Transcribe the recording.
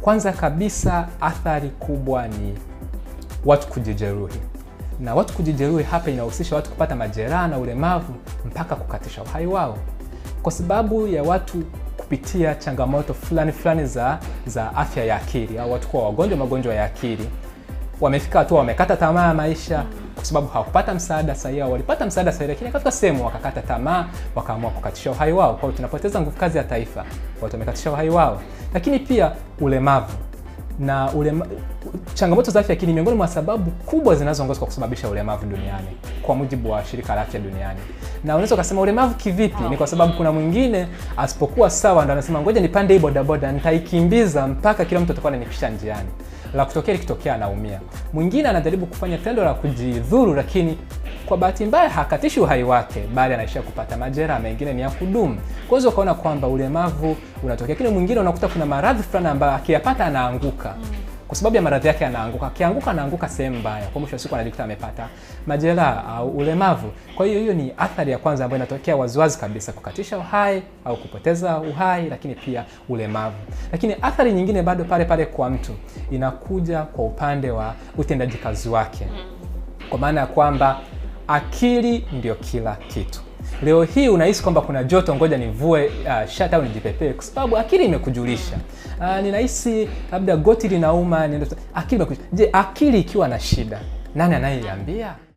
Kwanza kabisa, athari kubwa ni watu kujijeruhi, na watu kujijeruhi hapa inahusisha watu kupata majeraha na ulemavu mpaka kukatisha uhai wao kwa sababu ya watu kupitia changamoto fulani fulani za, za afya ya akili au watu kuwa wagonjwa magonjwa ya akili, wamefika hatua wamekata tamaa ya maisha kwa sababu hawakupata msaada sahihi, au walipata msaada sahihi, lakini akafika sehemu wakakata tamaa, wakaamua kukatisha uhai wao. Kwa hiyo tunapoteza nguvu kazi ya taifa, watu wamekatisha uhai wao, lakini pia ulemavu na ulema, changamoto za afya akili miongoni mwa sababu kubwa zinazoongoza kwa kusababisha ulemavu duniani kwa mujibu wa shirika la afya duniani. Na unaweza ukasema ulemavu kivipi? Ni kwa sababu kuna mwingine asipokuwa sawa ndo anasema ngoja nipande hii bodaboda nitaikimbiza mpaka kila mtu atakuwa ananipisha njiani, la kutokea likitokea anaumia. Mwingine anajaribu kufanya tendo la kujidhuru, lakini kwa bahati mbaya hakatishi uhai wake, bali anaishia kupata majeraha, mengine ni ya kudumu. Kwa hiyo ukaona kwamba ulemavu unatokea, lakini mwingine unakuta kuna maradhi fulani ambayo akiyapata anaanguka mm kwa sababu ya maradhi yake anaanguka. Akianguka anaanguka sehemu mbaya, kwa mwisho wa siku anajikuta amepata majeraha au ulemavu. Kwa hiyo hiyo ni athari ya kwanza ambayo inatokea waziwazi kabisa, kukatisha uhai au kupoteza uhai, lakini pia ulemavu. Lakini athari nyingine bado pale pale kwa mtu inakuja kwa upande wa utendaji kazi wake, kwa maana ya kwamba akili ndio kila kitu. Leo hii unahisi kwamba kuna joto, ngoja nivue uh, shati au nijipepee, kwa sababu akili imekujulisha. Uh, ninahisi labda goti linauma, akili imekujulisha. Je, akili ikiwa na shida, nani anayeiambia?